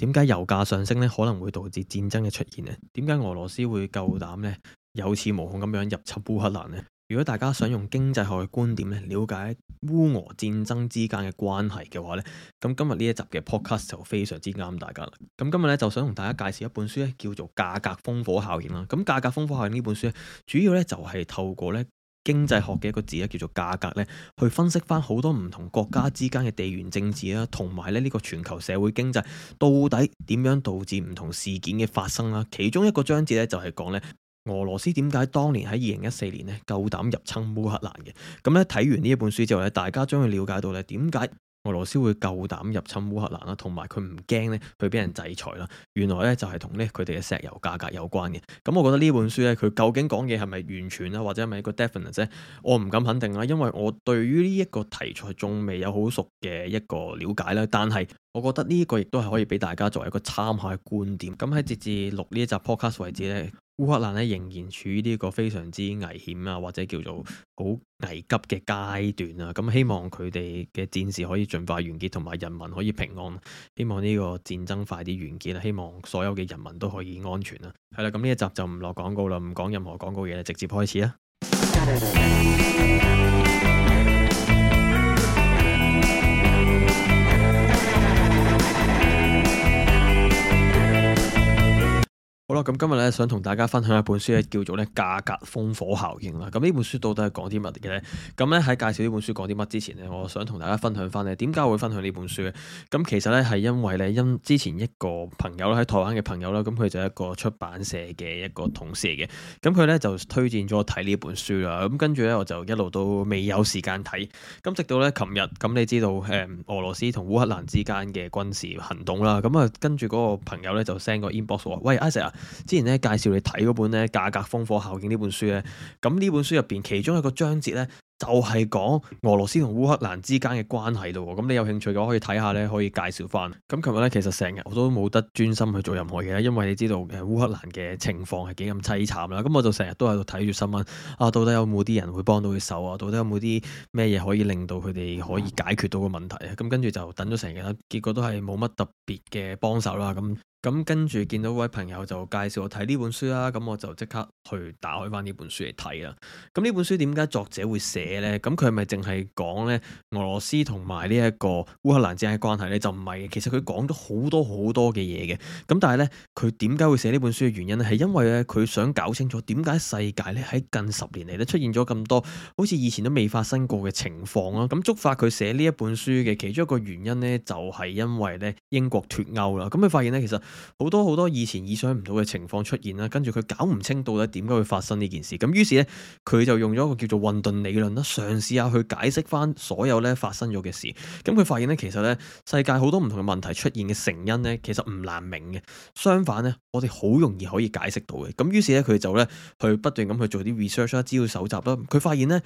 點解油價上升咧，可能會導致戰爭嘅出現咧？點解俄羅斯會夠膽咧有恃無恐咁樣入侵烏克蘭呢？如果大家想用經濟學嘅觀點咧了解烏俄戰爭之間嘅關係嘅話咧，咁今日呢一集嘅 podcast 就非常之啱大家啦。咁今日咧就想同大家介紹一本書咧，叫做《價格烽火效應》啦。咁《價格烽火效應》呢本書咧，主要咧就係透過咧。經濟學嘅一個字咧，叫做價格咧，去分析翻好多唔同國家之間嘅地緣政治啦，同埋咧呢個全球社會經濟到底點樣導致唔同事件嘅發生啦。其中一個章節咧就係講咧俄羅斯點解當年喺二零一四年咧夠膽入侵烏克蘭嘅。咁咧睇完呢一本書之後咧，大家將會了解到咧點解。俄羅斯會夠膽入侵烏克蘭啦，同埋佢唔驚咧佢俾人制裁啦。原來咧就係同咧佢哋嘅石油價格有關嘅。咁、嗯、我覺得呢本書咧佢究竟講嘢係咪完全啦，或者係咪一個 definite 我唔敢肯定啦，因為我對於呢一個題材仲未有好熟嘅一個了解啦。但係。我覺得呢個亦都係可以俾大家作為一個參考嘅觀點。咁喺截至錄呢一集 podcast 為止咧，烏克蘭咧仍然處於呢個非常之危險啊，或者叫做好危急嘅階段啊。咁希望佢哋嘅戰事可以盡快完結，同埋人民可以平安。希望呢個戰爭快啲完結，希望所有嘅人民都可以安全啦。係啦，咁呢一集就唔落廣告啦，唔講任何廣告嘢啦，直接開始啦。 好啦，咁今日咧想同大家分享一本書咧，叫做咧《價格烽火效應》啦。咁呢本書到底係講啲乜嘅咧？咁咧喺介紹呢本書講啲乜之前咧，我想同大家分享翻咧點解會分享呢本書咧。咁其實咧係因為咧因為之前一個朋友啦喺台灣嘅朋友啦，咁佢就係一個出版社嘅一個同事嚟嘅。咁佢咧就推薦咗我睇呢本書啦。咁跟住咧我就一路都未有時間睇。咁直到咧琴日，咁你知道誒、嗯、俄羅斯同烏克蘭之間嘅軍事行動啦。咁啊跟住嗰個朋友咧就 send 個 inbox 話：喂，阿石啊！之前咧介紹你睇嗰本咧《價格烽火效應》呢本書咧，咁呢本書入邊其中一個章節咧就係講俄羅斯同烏克蘭之間嘅關係咯。咁你有興趣嘅話可以睇下咧，可以介紹翻。咁琴日咧其實成日我都冇得專心去做任何嘢啦，因為你知道誒烏克蘭嘅情況係幾咁淒慘啦。咁我就成日都喺度睇住新聞啊，到底有冇啲人會幫到佢手啊？到底有冇啲咩嘢可以令到佢哋可以解決到個問題？咁跟住就等咗成日啦，結果都係冇乜特別嘅幫手啦。咁。咁跟住見到位朋友就介紹我睇呢本書啦，啊，咁我就即刻去打開翻呢本書嚟睇啦。咁呢本書，點解作者會寫呢？咁佢係咪淨係講呢？俄羅斯同埋呢一個烏克蘭之間關係呢，就唔係，其實佢講咗好多好多嘅嘢嘅。咁但係呢，佢點解會寫呢本書嘅原因呢？係因為呢，佢想搞清楚點解世界呢喺近十年嚟呢出現咗咁多好似以前都未發生過嘅情況啦。咁觸發佢寫呢一本書嘅其中一個原因呢，就係、是、因為呢英國脫歐啦。咁佢發現呢，其實。好多好多以前意想唔到嘅情況出現啦，跟住佢搞唔清到底點解會發生呢件事，咁於是呢，佢就用咗一個叫做混沌理論啦，嘗試下去解釋翻所有呢發生咗嘅事，咁佢發現呢，其實呢世界好多唔同嘅問題出現嘅成因呢，其實唔難明嘅，相反呢，我哋好容易可以解釋到嘅，咁於是呢，佢就呢去不斷咁去做啲 research 啦，資料搜集啦，佢發現呢。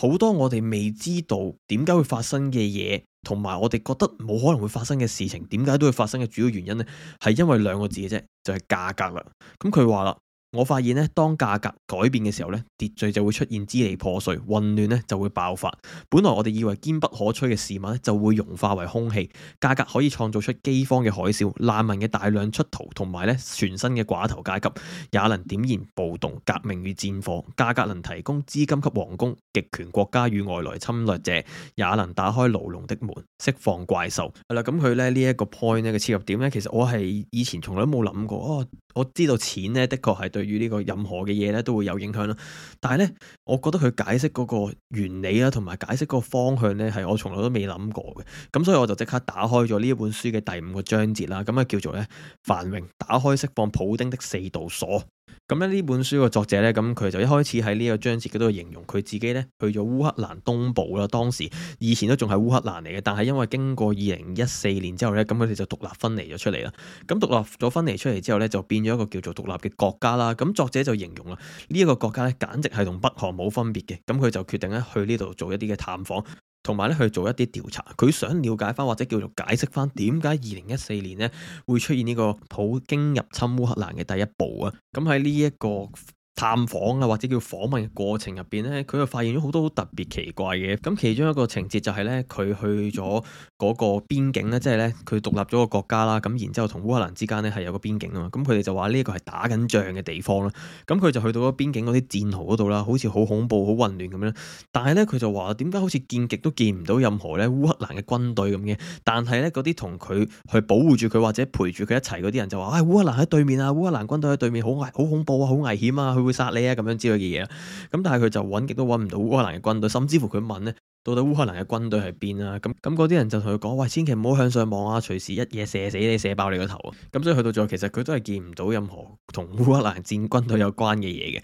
好多我哋未知道點解會發生嘅嘢，同埋我哋覺得冇可能會發生嘅事情，點解都會發生嘅主要原因咧，係因為兩個字嘅啫，就係、是、價格啦。咁佢話啦。我發現呢，當價格改變嘅時候呢，秩序就會出現支離破碎，混亂呢就會爆發。本來我哋以為堅不可摧嘅事物呢，就會融化為空氣。價格可以創造出饑荒嘅海嘯，難民嘅大量出逃，同埋呢全新嘅寡頭階級，也能點燃暴動、革命與戰火。價格能提供資金給皇宮、極權國家與外來侵略者，也能打開牢籠的門，釋放怪獸。係啦，咁佢呢呢一個 point 呢嘅切入點呢？其實我係以前從來都冇諗過。哦，我知道錢呢，的確係。對於呢個任何嘅嘢咧，都會有影響啦。但係呢，我覺得佢解釋嗰個原理啊，同埋解釋嗰個方向咧，係我從來都未諗過嘅。咁所以我就即刻打開咗呢本書嘅第五個章節啦。咁啊叫做咧，繁榮打開釋放普丁的四道鎖。咁咧呢本書嘅作者呢，咁佢就一開始喺呢個章節佢都形容佢自己呢，去咗烏克蘭東部啦。當時以前都仲係烏克蘭嚟嘅，但係因為經過二零一四年之後呢，咁佢哋就獨立分離咗出嚟啦。咁獨立咗分離出嚟之後呢，就變咗一個叫做獨立嘅國家啦。咁作者就形容啦，呢、這、一個國家呢，簡直係同北韓冇分別嘅。咁佢就決定咧，去呢度做一啲嘅探訪。同埋咧去做一啲調查，佢想了解返或者叫做解釋返點解二零一四年咧會出現呢個普京入侵烏克蘭嘅第一步啊！咁喺呢一個探訪啊，或者叫訪問嘅過程入邊咧，佢又發現咗好多好特別奇怪嘅。咁其中一個情節就係咧，佢去咗嗰個邊境咧，即係咧佢獨立咗個國家啦。咁然之後同烏克蘭之間咧係有個邊境啊嘛。咁佢哋就話呢一個係打緊仗嘅地方啦。咁佢就去到嗰邊境嗰啲戰壕嗰度啦，好似好恐怖、好混亂咁樣。但係咧佢就話點解好似見極都見唔到任何咧烏克蘭嘅軍隊咁嘅？但係咧嗰啲同佢去保護住佢或者陪住佢一齊嗰啲人就話，唉、哎，烏克蘭喺對面啊，烏克蘭軍隊喺對面，好危好恐怖啊，好危險啊！會殺你啊，咁樣之類嘅嘢啦，咁但係佢就搵極都搵唔到烏克蘭嘅軍隊，甚至乎佢問呢到底烏克蘭嘅軍隊喺邊啊？咁咁嗰啲人就同佢講：，喂，千祈唔好向上望啊，隨時一嘢射死你，射爆你個頭啊！咁所以去到最後，其實佢都係見唔到任何同烏克蘭戰軍隊有關嘅嘢嘅。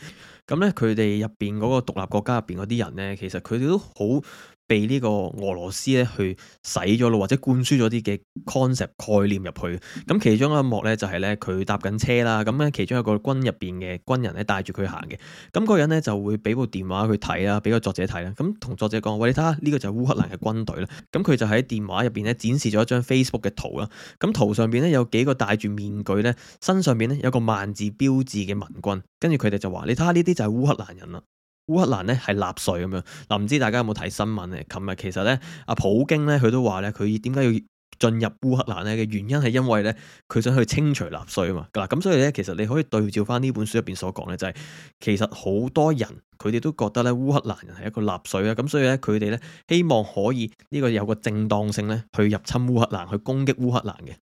咁呢，佢哋入邊嗰個獨立國家入邊嗰啲人呢，其實佢哋都好。被呢個俄羅斯咧去洗咗咯，或者灌輸咗啲嘅 concept 概念入去。咁其中一幕咧就係咧佢搭緊車啦。咁咧其中有個軍入邊嘅軍人咧帶住佢行嘅。咁嗰個人咧就會俾部電話去睇啦，俾個作者睇啦。咁同作者講：，喂，你睇下呢個就係烏克蘭嘅軍隊啦。咁佢就喺電話入邊咧展示咗一張 Facebook 嘅圖啦。咁圖上邊咧有幾個戴住面具咧，身上邊咧有個萬字標誌嘅民軍。跟住佢哋就話：，你睇下呢啲就係烏克蘭人啦。烏克蘭咧係納粹咁樣嗱，唔知大家有冇睇新聞咧？琴日其實咧，阿普京咧佢都話咧，佢點解要進入烏克蘭咧？嘅原因係因為咧，佢想去清除納粹啊嘛。嗱，咁所以咧，其實你可以對照翻呢本書入邊所講咧，就是，就係其實好多人佢哋都覺得咧，烏克蘭人係一個納粹啊，咁所以咧佢哋咧希望可以呢個有個正當性咧去入侵烏克蘭，去攻擊烏克蘭嘅。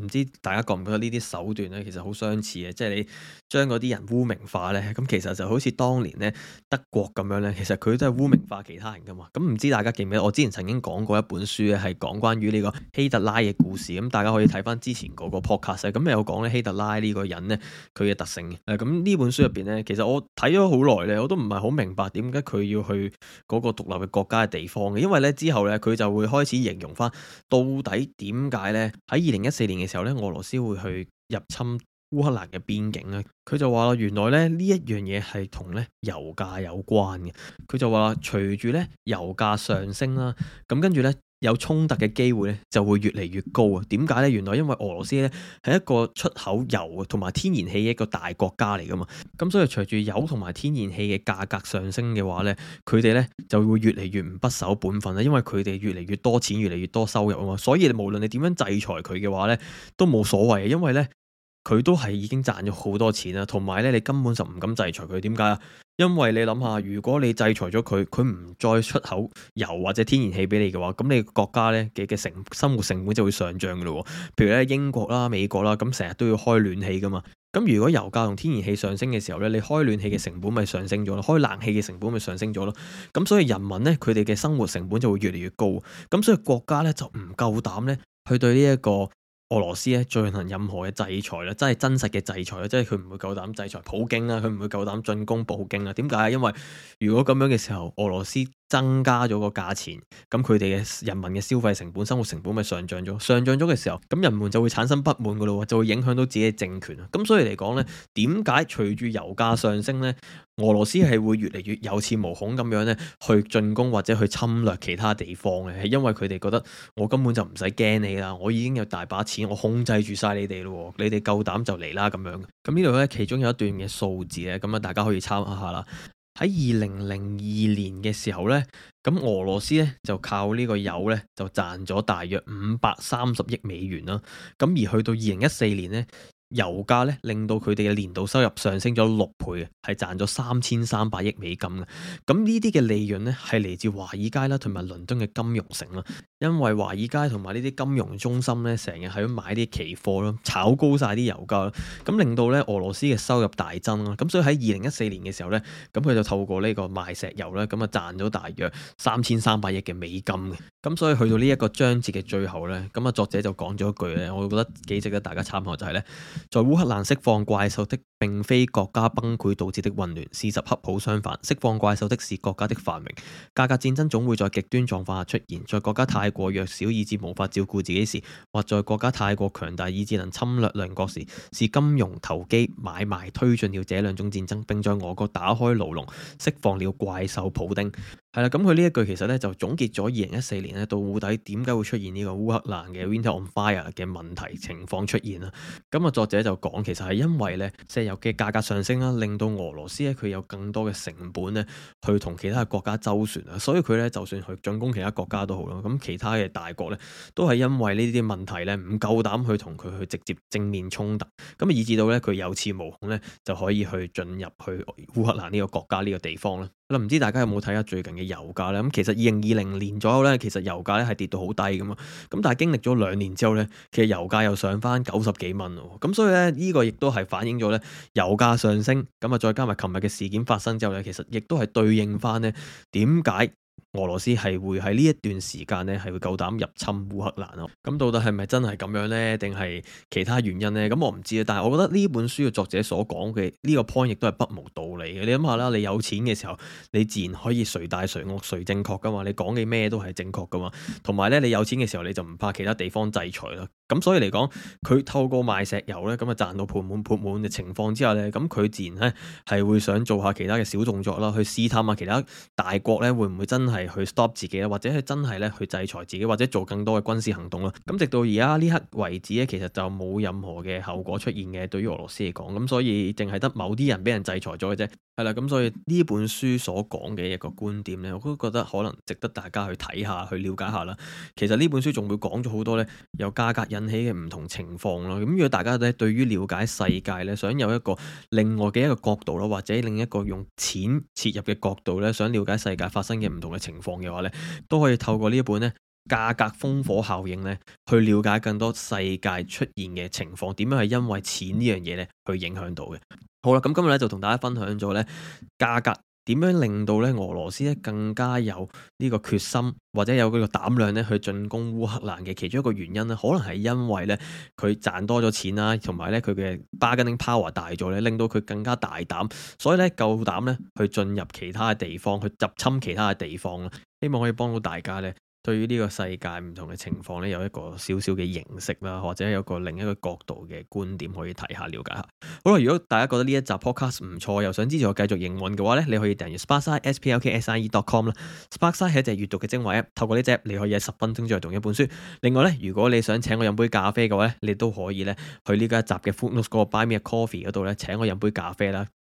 唔知大家覺唔覺得呢啲手段咧，其實好相似嘅，即係你將嗰啲人污名化咧，咁其實就好似當年咧德國咁樣咧，其實佢都係污名化其他人噶嘛。咁唔知大家記唔記得？我之前曾經講過一本書咧，係講關於呢個希特拉嘅故事，咁大家可以睇翻之前嗰個 Podcast，咁有講咧希特拉呢個人咧佢嘅特性。誒、呃，咁呢本書入邊咧，其實我睇咗好耐咧，我都唔係好明白點解佢要去嗰個獨立嘅國家嘅地方嘅，因為咧之後咧佢就會開始形容翻到底點解咧喺二零一。四年嘅時候咧，俄羅斯會去入侵烏克蘭嘅邊境啦。佢就話，原來咧呢一樣嘢係同咧油價有關嘅。佢就話，隨住咧油價上升啦，咁跟住咧。有衝突嘅機會咧就會越嚟越高啊？點解呢？原來因為俄羅斯咧係一個出口油同埋天然氣嘅一個大國家嚟噶嘛，咁所以隨住油同埋天然氣嘅價格上升嘅話呢，佢哋呢就會越嚟越唔不守本分啦，因為佢哋越嚟越多錢，越嚟越多收入啊嘛，所以無論你無論你點樣制裁佢嘅話呢都冇所謂，因為呢佢都係已經賺咗好多錢啦，同埋呢，你根本就唔敢制裁佢，點解？因為你諗下，如果你制裁咗佢，佢唔再出口油或者天然氣俾你嘅話，咁你國家呢嘅嘅成生活成本就會上漲噶咯。譬如咧英國啦、美國啦，咁成日都要開暖氣噶嘛。咁如果油價同天然氣上升嘅時候呢，你開暖氣嘅成本咪上升咗咯，開冷氣嘅成本咪上升咗咯。咁所以人民呢，佢哋嘅生活成本就會越嚟越高。咁所以國家呢，就唔夠膽呢去對呢一個。俄羅斯咧進行任何嘅制裁咧，真係真實嘅制裁啊！即係佢唔會夠膽制裁普京啦，佢唔會夠膽進攻普京啦。點解？因為如果咁樣嘅時候，俄羅斯。增加咗個價錢，咁佢哋嘅人民嘅消費成本、生活成本咪上漲咗？上漲咗嘅時候，咁人們就會產生不滿噶咯，就會影響到自己嘅政權。咁所以嚟講呢，點解隨住油價上升呢？俄羅斯係會越嚟越有恃無恐咁樣呢？去進攻或者去侵略其他地方嘅，係因為佢哋覺得我根本就唔使驚你啦，我已經有大把錢，我控制住晒你哋咯，你哋夠膽就嚟啦咁樣。咁呢度呢，其中有一段嘅數字咧，咁啊，大家可以參考下啦。喺二零零二年嘅時候呢，咁俄羅斯呢就靠呢個油呢就賺咗大約五百三十億美元啦。咁而去到二零一四年呢。油價咧令到佢哋嘅年度收入上升咗六倍嘅，係賺咗三千三百億美金嘅。咁呢啲嘅利潤咧係嚟自華爾街啦，同埋倫敦嘅金融城啦。因為華爾街同埋呢啲金融中心咧，成日喺度買啲期貨啦，炒高晒啲油價啦，咁令到咧俄羅斯嘅收入大增啦。咁所以喺二零一四年嘅時候呢，咁佢就透過呢個賣石油咧，咁啊賺咗大約三千三百億嘅美金嘅。咁所以去到呢一個章節嘅最後呢，咁啊作者就講咗一句咧，我覺得幾值得大家參考，就係呢。在烏克蘭釋放怪獸的。並非國家崩潰導致的混亂，事實恰好相反，釋放怪獸的是國家的繁榮。價格戰爭總會在極端狀況下出現，在國家太過弱小以至無法照顧自己時，或在國家太過強大以至能侵略鄰國時，是金融投機買賣推進了這兩種戰爭，並在俄國打開牢籠，釋放了怪獸普丁。係啦，咁佢呢一句其實呢就總結咗二零一四年咧到到底點解會出現呢個烏克蘭嘅 Winter on Fire 嘅問題情況出現啦。咁啊，作者就講，其實係因為呢。嘅價格上升啦，令到俄羅斯咧佢有更多嘅成本咧，去同其他國家周旋啊，所以佢咧就算去進攻其他國家都好啦。咁其他嘅大國咧都係因為呢啲問題咧唔夠膽去同佢去直接正面衝突，咁啊以至到咧佢有恃無恐咧就可以去進入去烏克蘭呢個國家呢個地方啦。唔知大家有冇睇下最近嘅油價呢？咁其實二零二零年左右呢，其實油價呢係跌到好低㗎嘛。咁但係經歷咗兩年之後呢，其實油價又上翻九十幾蚊咯。咁所以呢，呢個亦都係反映咗呢，油價上升。咁啊，再加埋琴日嘅事件發生之後呢，其實亦都係對應翻呢點解？俄羅斯係會喺呢一段時間咧，係會夠膽入侵烏克蘭咯。咁到底係咪真係咁樣呢？定係其他原因呢？咁我唔知啦。但係我覺得呢本書嘅作者所講嘅呢個 point 亦都係不無道理嘅。你諗下啦，你有錢嘅時候，你自然可以誰大誰惡，誰正確噶嘛？你講嘅咩都係正確噶嘛？同埋呢，你有錢嘅時候，你就唔怕其他地方制裁啦。咁所以嚟講，佢透過賣石油呢，咁啊賺到盆滿缽滿嘅情況之下呢，咁佢自然咧係會想做下其他嘅小動作啦，去試探下其他大、大國呢會唔會真係。係去 stop 自己啦，或者係真係咧去制裁自己，或者做更多嘅軍事行動啦。咁直到而家呢刻為止咧，其實就冇任何嘅後果出現嘅，對於俄羅斯嚟講。咁所以淨係得某啲人俾人制裁咗嘅啫。係啦，咁所以呢本書所講嘅一個觀點呢，我都覺得可能值得大家去睇下去了解下啦。其實呢本書仲會講咗好多呢，由價格引起嘅唔同情況咯。咁如果大家呢對於了解世界呢，想有一個另外嘅一個角度咯，或者另一個用錢切入嘅角度呢，想了解世界發生嘅唔同嘅情況嘅話呢，都可以透過呢一本呢。價格烽火效應呢，去了解更多世界出現嘅情況，點樣係因為錢呢樣嘢呢去影響到嘅。好啦，咁今日咧就同大家分享咗呢價格點樣令到呢俄羅斯呢更加有呢個決心或者有嗰個膽量呢去進攻烏克蘭嘅其中一個原因呢可能係因為呢，佢賺多咗錢啦，啊，同埋呢，佢嘅 bargaining power 大咗呢，令到佢更加大膽，所以呢，夠膽呢去進入其他嘅地方去入侵其他嘅地方啦。希望可以幫到大家呢。對於呢個世界唔同嘅情況咧，有一個少少嘅認識啦，或者有一個另一個角度嘅觀點可以睇下了解下。好啦，如果大家覺得呢一集 Podcast 唔錯，又想支持我繼續營運嘅話咧，你可以訂閱 Sparkside, s p a r k s i e s p l k s i e dot com 啦。s p a r k s i 係、e. 一隻閱讀嘅精華 app，透過呢隻你可以喺十分鐘之內讀一本書。另外咧，如果你想請我飲杯咖啡嘅話咧，你都可以咧去呢家集嘅 food news 嗰個 Buy Me a Coffee 嗰度咧，請我飲杯咖啡啦。